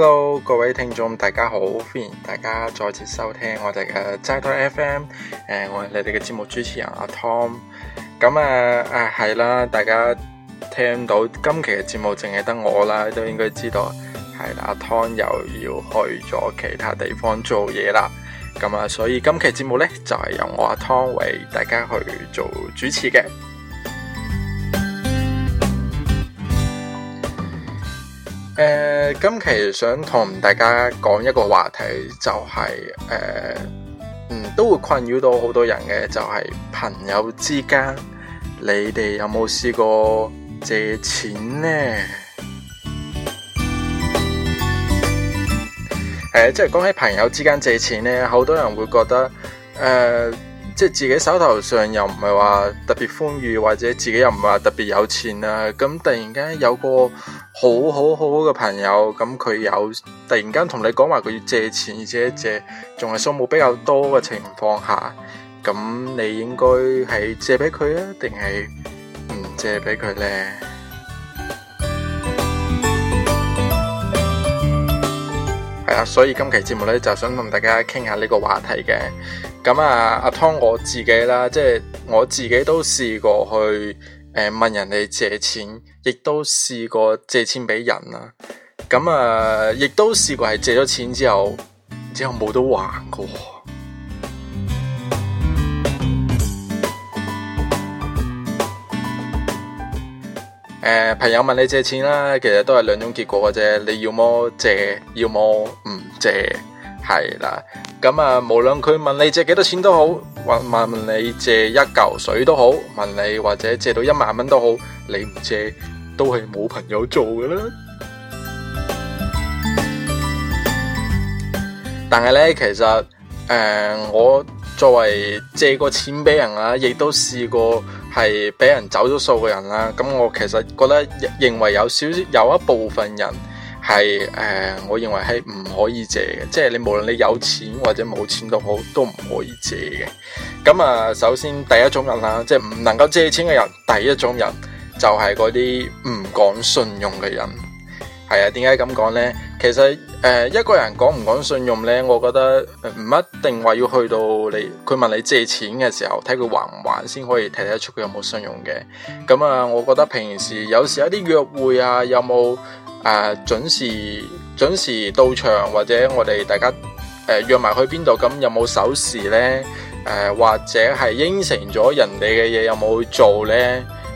hello，各位聽眾大家好，歡迎大家再次收聽我哋嘅齋多 FM，誒、呃，我係你哋嘅節目主持人阿、啊、Tom。咁啊啊係啦，大家聽到今期嘅節目淨係得我啦，都應該知道係啦，阿、啊、湯又要去咗其他地方做嘢啦，咁啊，所以今期節目咧就係、是、由我阿、啊、湯為大家去做主持嘅。誒、呃，今期想同大家講一個話題、就是，就係誒，都會困擾到好多人嘅，就係、是、朋友之間，你哋有冇試過借錢呢？誒、嗯呃，即係講起朋友之間借錢呢，好多人會覺得誒。呃即係自己手頭上又唔係話特別寬裕，或者自己又唔係話特別有錢啊。咁突然間有個好好好好嘅朋友，咁佢有突然間同你講話佢要借錢，而且借仲係數目比較多嘅情況下，咁你應該係借俾佢吖，定係唔借俾佢呢？係啊，所以今期節目呢，就想同大家傾下呢個話題嘅。咁啊，阿湯我自己啦，即係我自己都試過去，誒、呃、問人哋借錢，亦都試過借錢俾人啦。咁啊，亦、呃、都試過係借咗錢之後，之後冇得還過。誒、嗯呃，朋友問你借錢啦，其實都係兩種結果嘅啫，你要麼借，要麼唔借。係啦，咁啊，無論佢問你借幾多錢都好，或問你借一嚿水都好，問你或者借到一萬蚊都好，你唔借都係冇朋友做嘅啦。但係咧，其實誒，我作為借過錢俾人啊，亦都試過係俾人走咗數嘅人啦。咁我其實覺得認為有少少有一部分人。係誒，我認為係唔可以借嘅，即係你無論你有錢或者冇錢都好，都唔可以借嘅。咁啊，首先第一種人啦，即係唔能夠借錢嘅人，第一種人就係嗰啲唔講信用嘅人。係啊，點解咁講呢？其實誒，一個人講唔講信用呢，我覺得唔一定話要去到你，佢問你借錢嘅時候，睇佢還唔還先可以睇得出佢有冇信用嘅。咁啊，我覺得平時有時一啲約會啊，有冇？誒、啊，準時準時到場，或者我哋大家誒、呃、約埋去邊度，咁有冇守時呢？誒、呃，或者係應承咗人哋嘅嘢，有冇去做呢？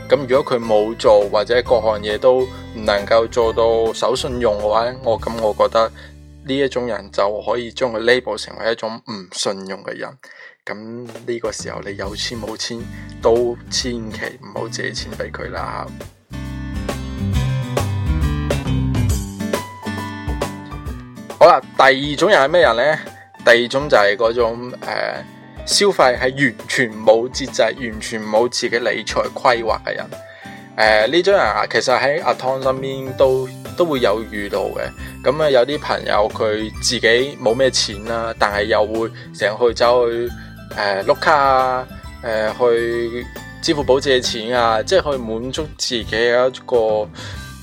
咁如果佢冇做，或者各項嘢都唔能夠做到守信用嘅話，我咁我覺得呢一種人就可以將佢 label 成為一種唔信用嘅人。咁呢個時候你有錢冇錢都千祈唔好借錢俾佢啦。好啦，第二種人係咩人呢？第二種就係嗰種誒、呃，消費係完全冇節制、就是、完全冇自己理財規劃嘅人。誒、呃，呢種人啊，其實喺阿湯身邊都都會有遇到嘅。咁啊，有啲朋友佢自己冇咩錢啦，但係又會成日去走去誒碌、呃、卡啊，誒、呃、去支付寶借錢啊，即係去滿足自己嘅一個誒、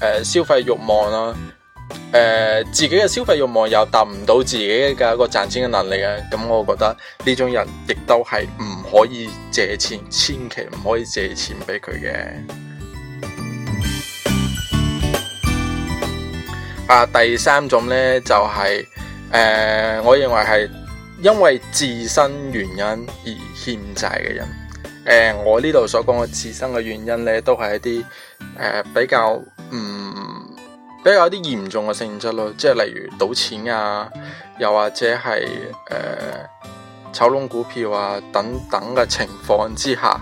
呃、消費欲望啦、啊。誒、呃，自己嘅消費欲望又達唔到自己嘅一個賺錢嘅能力啊，咁我覺得呢種人亦都係唔可以借錢，千祈唔可以借錢俾佢嘅。啊，第三種呢，就係、是、誒、呃，我認為係因為自身原因而欠債嘅人。誒、呃，我呢度所講嘅自身嘅原因呢，都係一啲誒、呃、比較唔。比較有啲嚴重嘅性質咯，即係例如賭錢啊，又或者係誒、呃、炒窿股票啊等等嘅情況之下，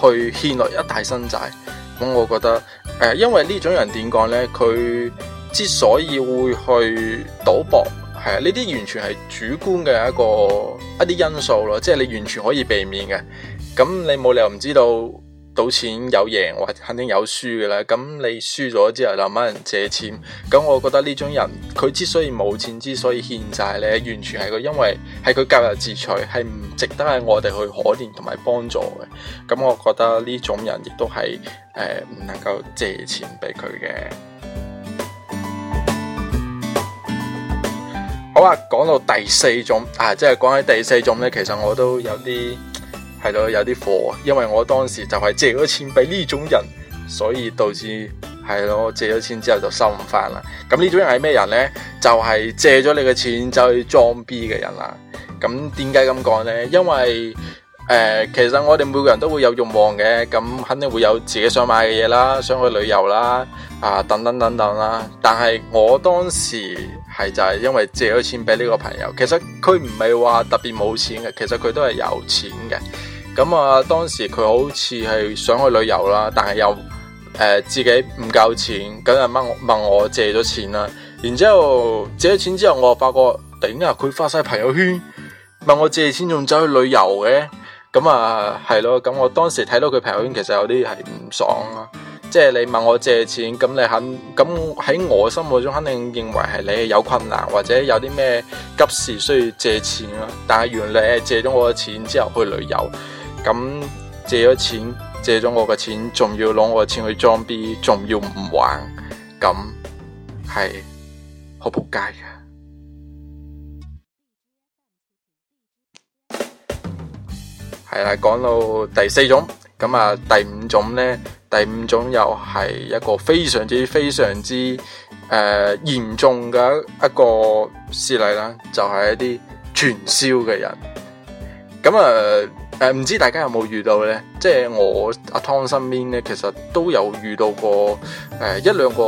去欠落一大身債。咁我覺得誒、呃，因為呢種人點講呢？佢之所以會去賭博，係啊，呢啲完全係主觀嘅一個一啲因素咯，即係你完全可以避免嘅。咁你冇理由唔知道。賭錢有贏或肯定有輸嘅啦，咁你輸咗之後就問人借錢，咁我覺得呢種人佢之所以冇錢，之所以欠債呢，完全係佢因為係佢咎由自取，係唔值得係我哋去可憐同埋幫助嘅。咁我覺得呢種人亦都係誒唔能夠借錢俾佢嘅。好啊，講到第四種啊，即係講起第四種呢，其實我都有啲。係咯，有啲貨，因為我當時就係借咗錢俾呢種人，所以導致係咯，借咗錢之後就收唔翻啦。咁呢種人係咩人呢？就係、是、借咗你嘅錢走去裝逼嘅人啦。咁點解咁講呢？因為誒、呃，其實我哋每個人都會有慾望嘅，咁肯定會有自己想買嘅嘢啦，想去旅遊啦，啊等等等等啦。但係我當時係就係因為借咗錢俾呢個朋友，其實佢唔係話特別冇錢嘅，其實佢都係有錢嘅。咁啊，當時佢好似係想去旅遊啦，但係又誒、呃、自己唔夠錢，咁啊問問我借咗錢啦。然之後借咗錢之後，我發覺頂啊！佢發晒朋友圈問我借錢仲走去旅遊嘅，咁啊係咯。咁我當時睇到佢朋友圈，其實有啲係唔爽啊。即係你問我借錢，咁你肯咁，喺我心目中肯定認為係你有困難或者有啲咩急事需要借錢啊。但係原來你係借咗我嘅錢之後去旅遊。咁借咗錢，借咗我嘅錢，仲要攞我嘅錢去裝逼，仲要唔還，咁係好扑街嘅。係啦，講到第四種，咁啊第五種咧，第五種又係一個非常之、非常之誒嚴重嘅一個事例啦，就係一啲傳銷嘅人，咁啊。誒，唔知大家有冇遇到呢？即係我阿湯身邊咧，其實都有遇到過誒一兩個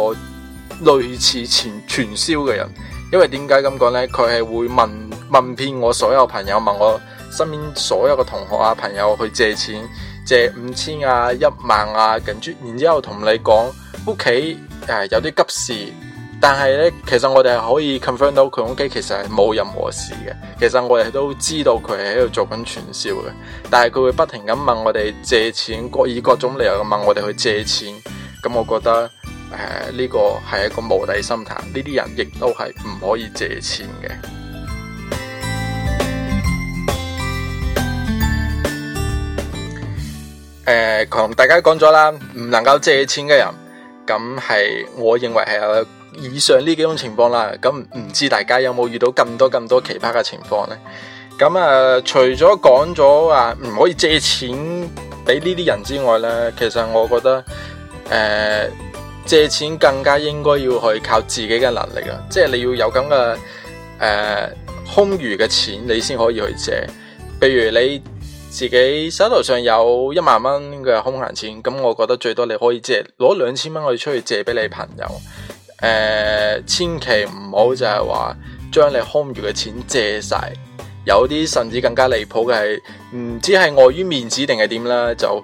類似傳傳銷嘅人。因為點解咁講呢？佢係會問問遍我所有朋友，問我身邊所有嘅同學啊、朋友去借錢，借五千啊、一萬啊，跟住然之後同你講屋企誒有啲急事。但係咧，其實我哋係可以 confirm 到佢屋企其實係冇任何事嘅。其實我哋都知道佢係喺度做緊傳銷嘅，但係佢會不停咁問我哋借錢，各以各種理由咁問我哋去借錢。咁我覺得誒呢、呃呢個係一個無底心潭。呢啲人亦都係唔可以借錢嘅。誒同、 呃、大家講咗啦，唔能夠借錢嘅人，咁係我認為係有。以上呢幾種情況啦，咁唔知大家有冇遇到更多更多奇葩嘅情況呢？咁、呃、啊，除咗講咗啊，唔可以借錢俾呢啲人之外呢，其實我覺得誒、呃，借錢更加應該要去靠自己嘅能力啊！即係你要有咁嘅誒空餘嘅錢，你先可以去借。譬如你自己手頭上有一萬蚊嘅空閒錢，咁我覺得最多你可以借攞兩千蚊，去出去借俾你朋友。誒、呃，千祈唔好就係話將你空餘嘅錢借晒，有啲甚至更加離譜嘅係，唔知係礙於面子定係點啦，就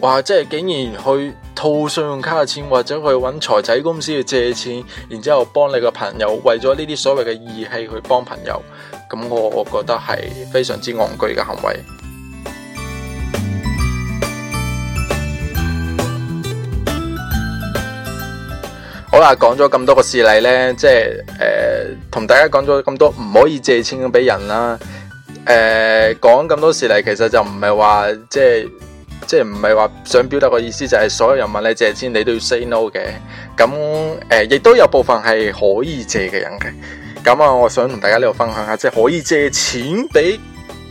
話即係竟然去套信用卡嘅錢，或者去搵財仔公司去借錢，然之後幫你個朋友，為咗呢啲所謂嘅義氣去幫朋友，咁我我覺得係非常之戇居嘅行為。好啦，講咗咁多個事例呢，即係誒，同、呃、大家講咗咁多唔可以借錢咁俾人啦。誒、呃，講咁多事例，其實就唔係話即係即係唔係話想表達個意思，就係、是、所有人問你借錢，你都要 say no 嘅。咁誒、呃，亦都有部分係可以借嘅人嘅。咁啊，我想同大家呢度分享下，即係可以借錢俾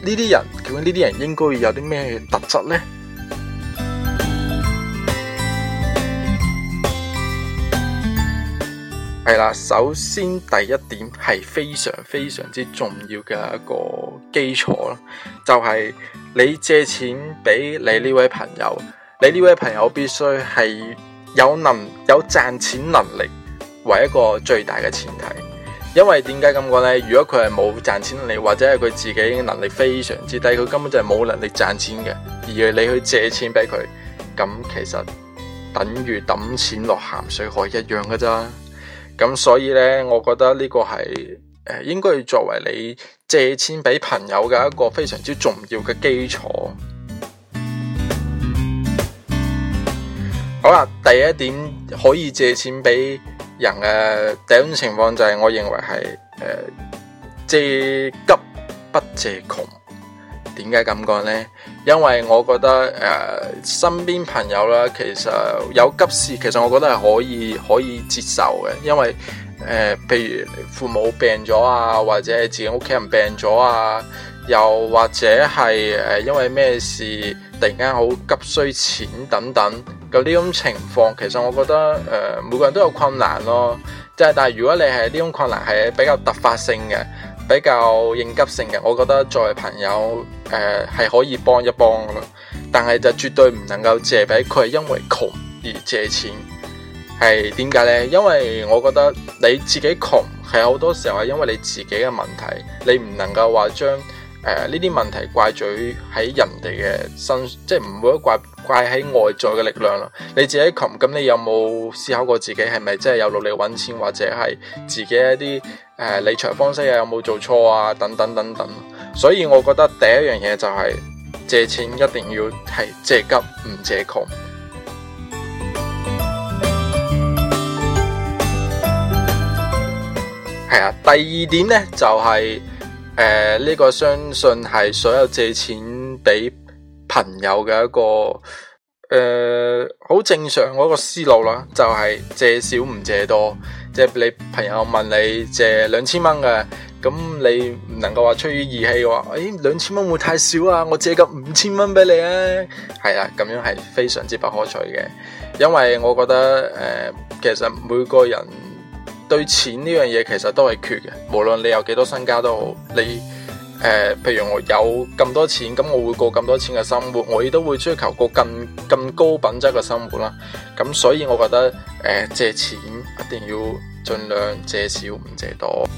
呢啲人，究竟呢啲人應該有啲咩特質呢？係啦，首先第一點係非常非常之重要嘅一個基礎啦，就係你借錢俾你呢位朋友，你呢位朋友必須係有能有賺錢能力為一個最大嘅前提。因為點解咁講呢？如果佢係冇賺錢能力，或者係佢自己能力非常之低，佢根本就係冇能力賺錢嘅。而你去借錢俾佢，咁其實等於抌錢落咸水海一樣噶咋。咁所以呢，我覺得呢個係、呃、應該要作為你借錢俾朋友嘅一個非常之重要嘅基礎。嗯、好啦，第一點可以借錢俾人嘅第一種情況就係，我認為係、呃、借急不借窮。點解咁講呢？因為我覺得誒、呃，身邊朋友啦，其實有急事，其實我覺得係可以可以接受嘅。因為誒，譬、呃、如父母病咗啊，或者係自己屋企人病咗啊，又或者係誒，因為咩事突然間好急需錢等等咁，呢種情況，其實我覺得誒、呃，每個人都有困難咯。即係，但係如果你係呢種困難係比較突發性嘅。比較應急性嘅，我覺得作為朋友，誒、呃、係可以幫一幫噶，但係就絕對唔能夠借俾佢係因為窮而借錢，係點解呢？因為我覺得你自己窮，係好多時候係因為你自己嘅問題，你唔能夠話將誒呢啲問題怪罪喺人哋嘅身，即係唔會怪怪喺外在嘅力量啦。你自己窮，咁你有冇思考過自己係咪真係有努力揾錢，或者係自己一啲？誒、啊，理財方式啊，有冇做錯啊？等等等等，所以我覺得第一樣嘢就係借錢一定要係借急唔借窮。係、嗯、啊，第二點呢，就係誒呢個相信係所有借錢俾朋友嘅一個誒好、呃、正常嗰個思路啦，就係、是、借少唔借多。即係你朋友問你借兩千蚊嘅，咁你唔能夠話出於義氣嘅話，誒兩千蚊會太少啊，我借個五千蚊俾你啊，係啊，咁樣係非常之不可取嘅，因為我覺得誒、呃，其實每個人對錢呢樣嘢其實都係缺嘅，無論你有幾多身家都好，你。呃、譬如我有咁多錢，咁我會過咁多錢嘅生活，我亦都會追求過更，更高品質嘅生活啦。咁所以我覺得，誒、呃，借錢一定要盡量借少唔借多。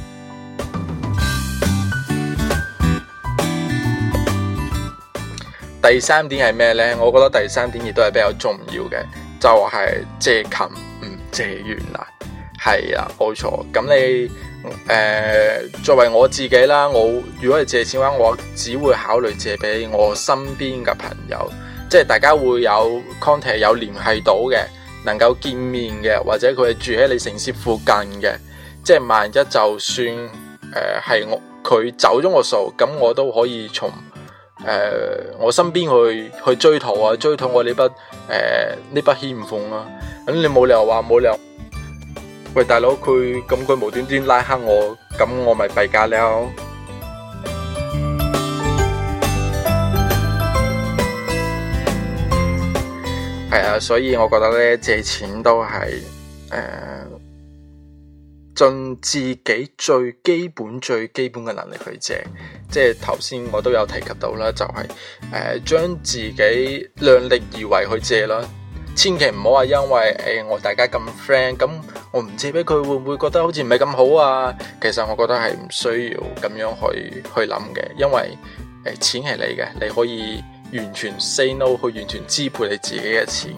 第三點係咩呢？我覺得第三點亦都係比較重要嘅，就係、是、借近唔借遠啦。係啊，冇錯。咁你。誒、呃，作為我自己啦，我如果係借錢嘅話，我只會考慮借俾我身邊嘅朋友，即係大家會有 contact 有聯繫到嘅，能夠見面嘅，或者佢係住喺你城市附近嘅，即係萬一就算誒係、呃、我佢走咗個數，咁我都可以從誒、呃、我身邊去去追討、呃、啊，追討我呢筆誒呢筆欠款啊，咁你冇理由話冇理由。喂，大佬，佢咁佢無端端拉黑我，咁我咪弊架啦。係、哎、啊，所以我覺得呢借錢都係誒、呃，盡自己最基本最基本嘅能力去借。即係頭先我都有提及到啦，就係誒將自己量力而為去借啦。千祈唔好話，因為誒、哎、我大家咁 friend，咁我唔借俾佢，會唔會覺得好似唔係咁好啊？其實我覺得係唔需要咁樣去去諗嘅，因為誒錢係你嘅，你可以完全 say no 去完全支配你自己嘅錢。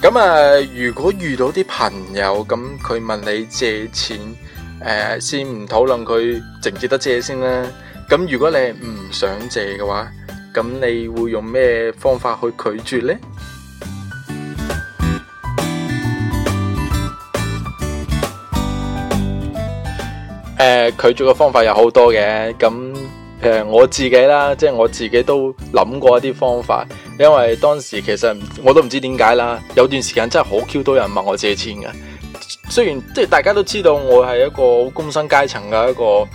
咁啊、呃，如果遇到啲朋友咁，佢問你借錢，誒、呃、先唔討論佢值唔值得借先啦。咁如果你唔想借嘅話，咁你會用咩方法去拒絕呢？誒、呃，拒絕嘅方法有好多嘅，咁誒、呃、我自己啦，即係我自己都諗過一啲方法，因為當時其實我都唔知點解啦，有段時間真係好 Q 多人問我借錢嘅,雖然即係大家都知道我係一個工薪階層嘅一個誒、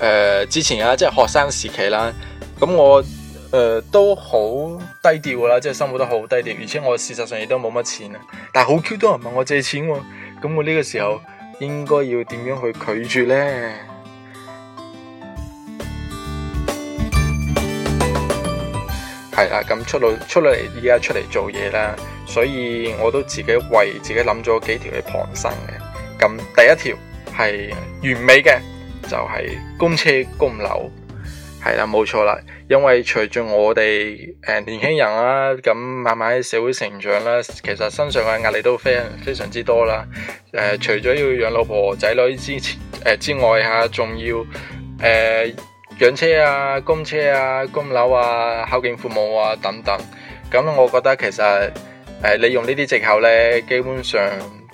呃、之前啊，即係學生時期啦，咁我誒、呃、都好低調啦，即係生活得好低調，而且我事實上亦都冇乜錢啊，但係好 Q 多人問我借錢，喔，咁我呢個時候，應該要點樣去拒絕呢？係啦，咁出到出嚟而家出嚟做嘢啦，所以我都自己為自己諗咗幾條嘅旁生嘅。咁第一條係完美嘅，就係、是、供車供樓。係啦，冇錯啦，因為隨住我哋誒年輕人啦，咁慢慢喺社會成長啦，其實身上嘅壓力都非常非常之多啦。誒、呃，除咗要養老婆仔女之誒、呃、之外吓，仲要誒、呃、養車啊、供車啊、供樓啊、孝敬父母啊等等。咁我覺得其實誒，呃、你用這些呢啲借口咧，基本上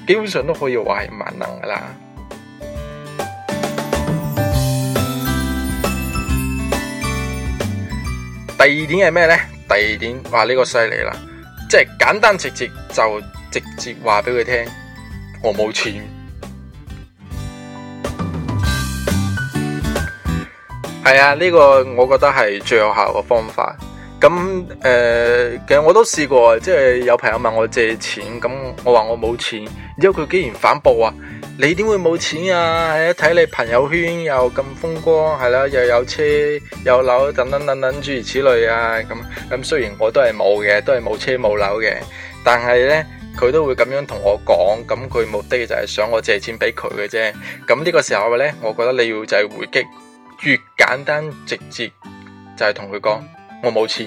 基本上都可以話係萬能噶啦。第二點係咩呢？第二點話呢、這個犀利啦，即係簡單直接就直接話俾佢聽，我冇錢。係 啊，呢、這個我覺得係最有效嘅方法。咁誒、呃，其實我都試過，即係有朋友問我借錢，咁我話我冇錢，之後佢竟然反報啊！你點會冇錢啊？睇你朋友圈又咁風光，係啦，又有車有樓，等等等等諸如此類啊。咁咁，雖然我都係冇嘅，都係冇車冇樓嘅，但係呢，佢都會咁樣同我講，咁佢目的就係想我借錢俾佢嘅啫。咁呢個時候呢，我覺得你要就係回擊，越簡單直接就係同佢講我冇錢。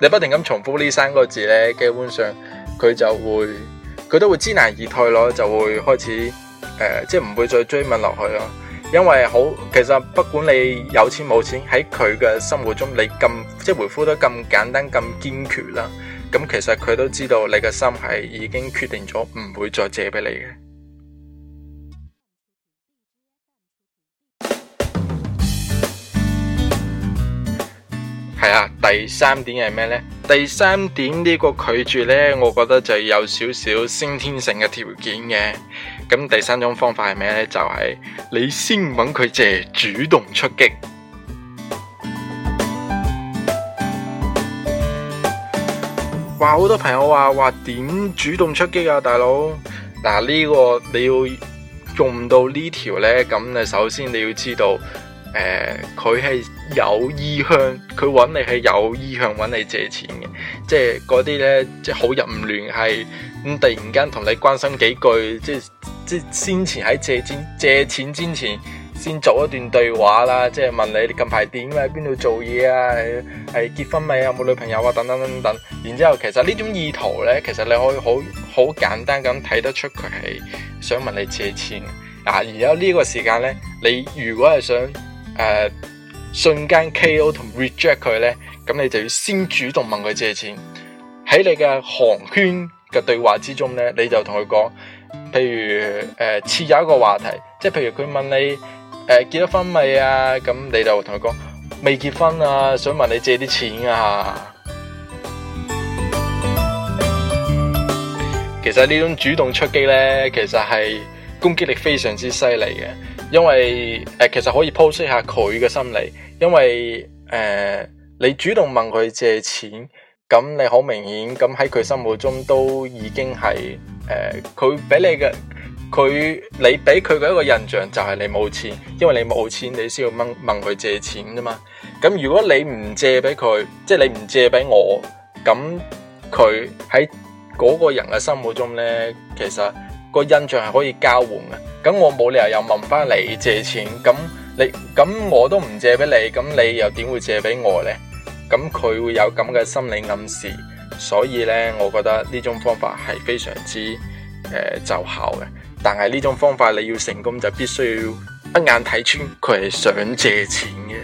你不停咁重複呢三個字呢，基本上佢就會佢都會知難而退咯，就會開始。呃、即係唔會再追問落去咯，因為好其實不管你有錢冇錢，喺佢嘅生活中你，你咁即係回覆得咁簡單咁堅決啦，咁、嗯、其實佢都知道你嘅心係已經決定咗唔會再借俾你嘅。係啊， 第三點係咩呢？第三點呢個拒絕呢，我覺得就有少少先天性嘅條件嘅。咁第三種方法係咩呢？就係、是、你先揾佢借，主動出擊。話好多朋友話話點主動出擊啊，大佬嗱呢、啊呢個你要用到呢條呢。咁你首先你要知道，誒佢係有意向，佢揾你係有意向揾你借錢嘅，即係嗰啲呢，即係好人唔聯繫，咁突然間同你關心幾句，即係。即先前喺借錢借錢之前,前，先做一段對話啦，即係問你你近排點啊？喺邊度做嘢啊？係結婚未？有冇女朋友啊？等等等等。然之後其實呢種意圖咧，其實你可以好好簡單咁睇得出佢係想問你借錢啊。然後呢個時間咧，你如果係想誒、呃、瞬間 K.O. 同 reject 佢咧，咁你就要先主動問佢借錢。喺你嘅寒暄嘅對話之中咧，你就同佢講。譬如誒，設、呃、有一個話題，即係譬如佢問你誒、呃、結咗婚未啊？咁你就同佢講未結婚啊，想問你借啲錢啊。其實呢種主動出擊呢，其實係攻擊力非常之犀利嘅，因為誒、呃、其實可以剖析下佢嘅心理，因為誒、呃、你主動問佢借錢。咁你好明顯，咁喺佢心目中都已經係誒，佢俾你嘅，佢你俾佢嘅一個印象就係你冇錢，因為你冇錢，你先要問問佢借錢啫嘛。咁如果你唔借俾佢，即係你唔借俾我，咁佢喺嗰個人嘅心目中咧，其實個印象係可以交換嘅。咁我冇理由又問翻你借錢，咁你咁我都唔借俾你，咁你又點會借俾我咧？咁佢會有咁嘅心理暗示，所以呢，我覺得呢種方法係非常之誒奏效嘅。但係呢種方法你要成功，就必須要一眼睇穿佢係想借錢嘅。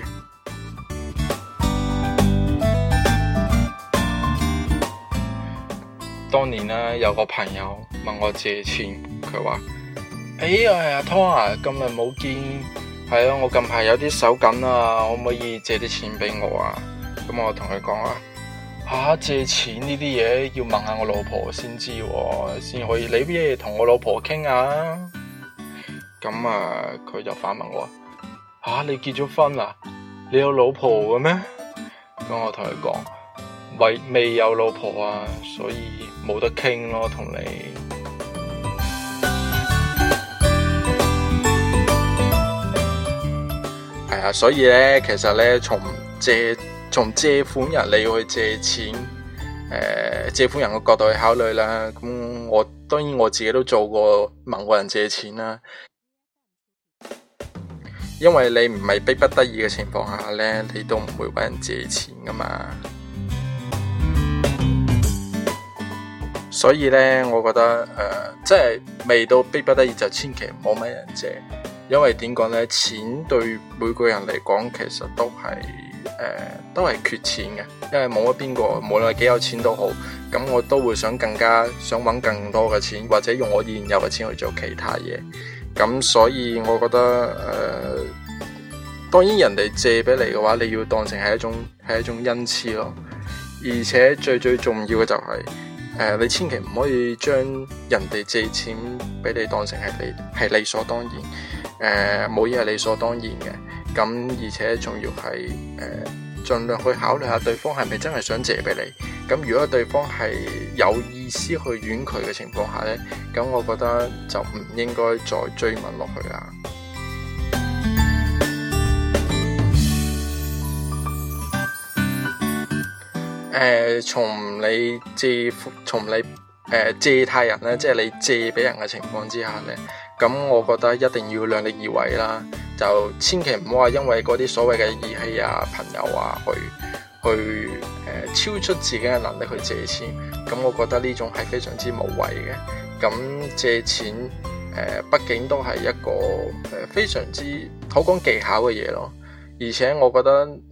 當年呢，有個朋友問我借錢，佢話：哎呀，阿湯啊，咁日冇見，係咯，啊，我近排有啲手緊啊，可唔可以借啲錢俾我啊？咁我同佢講啊，吓、啊、借錢呢啲嘢，要問下我老婆先知，哦，先可以。你不如同我老婆傾啊。咁啊，佢就反問我：吓、啊、你結咗婚啦，你有老婆嘅咩？咁我同佢講，未未有老婆啊，所以冇得傾咯，同你。係 啊，所以咧，其實咧，從借。從借款人，你要去借錢，呃、借款人嘅角度去考慮啦。咁我當然我自己都做過，問過人借錢啦，因為你唔係逼不得已嘅情況下呢，你都唔會搵人借錢噶嘛。所以呢，我覺得誒、呃，即係未到逼不得已就千祈唔好搵人借，因為點講呢？錢對每個人嚟講其實都係。誒、呃，都係缺錢嘅，因為冇咗邊個，無論係幾有錢都好，咁我都會想更加想揾更多嘅錢，或者用我現有嘅錢去做其他嘢。咁所以我覺得誒、呃，當然人哋借俾你嘅話，你要當成係一種係一種恩賜咯。而且最最重要嘅就係、是、誒、呃，你千祈唔可以將人哋借錢俾你當成係理係理所當然，誒，冇嘢係理所當然嘅。咁而且仲要係誒，盡、呃、量去考慮下對方係咪真係想借俾你？咁如果對方係有意思去婉拒嘅情況下呢，咁我覺得就唔應該再追問落去啦。誒、嗯呃，從你借，從你誒、呃，借貸人呢，即係你借俾人嘅情況之下呢。咁我覺得一定要量力而為啦，就千祈唔好話因為嗰啲所謂嘅義氣啊、朋友啊，去去、呃、超出自己嘅能力去借錢。咁我覺得呢種係非常之無謂嘅。咁借錢誒、呃，畢竟都係一個誒非常之好講技巧嘅嘢咯。而且我覺得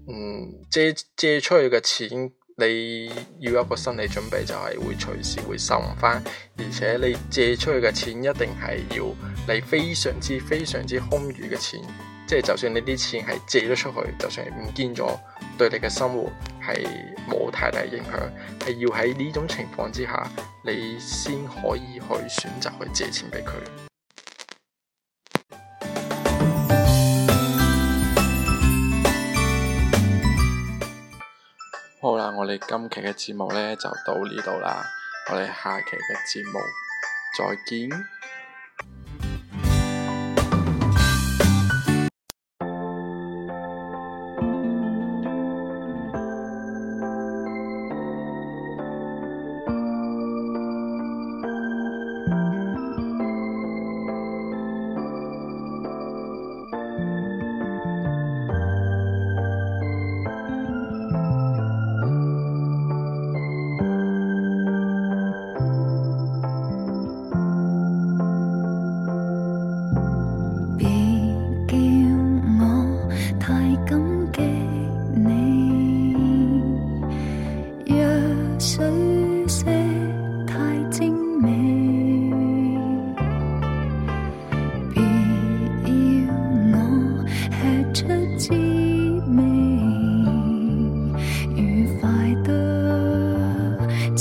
嗯借借出去嘅錢。你要有一個心理準備，就係會隨時會收唔翻，而且你借出去嘅錢一定係要你非常之非常之空餘嘅錢，即係就算你啲錢係借咗出去，就算係唔見咗，對你嘅生活係冇太大影響，係要喺呢種情況之下，你先可以去選擇去借錢俾佢。好啦，我哋今期嘅節目呢就到呢度啦，我哋下期嘅節目再見。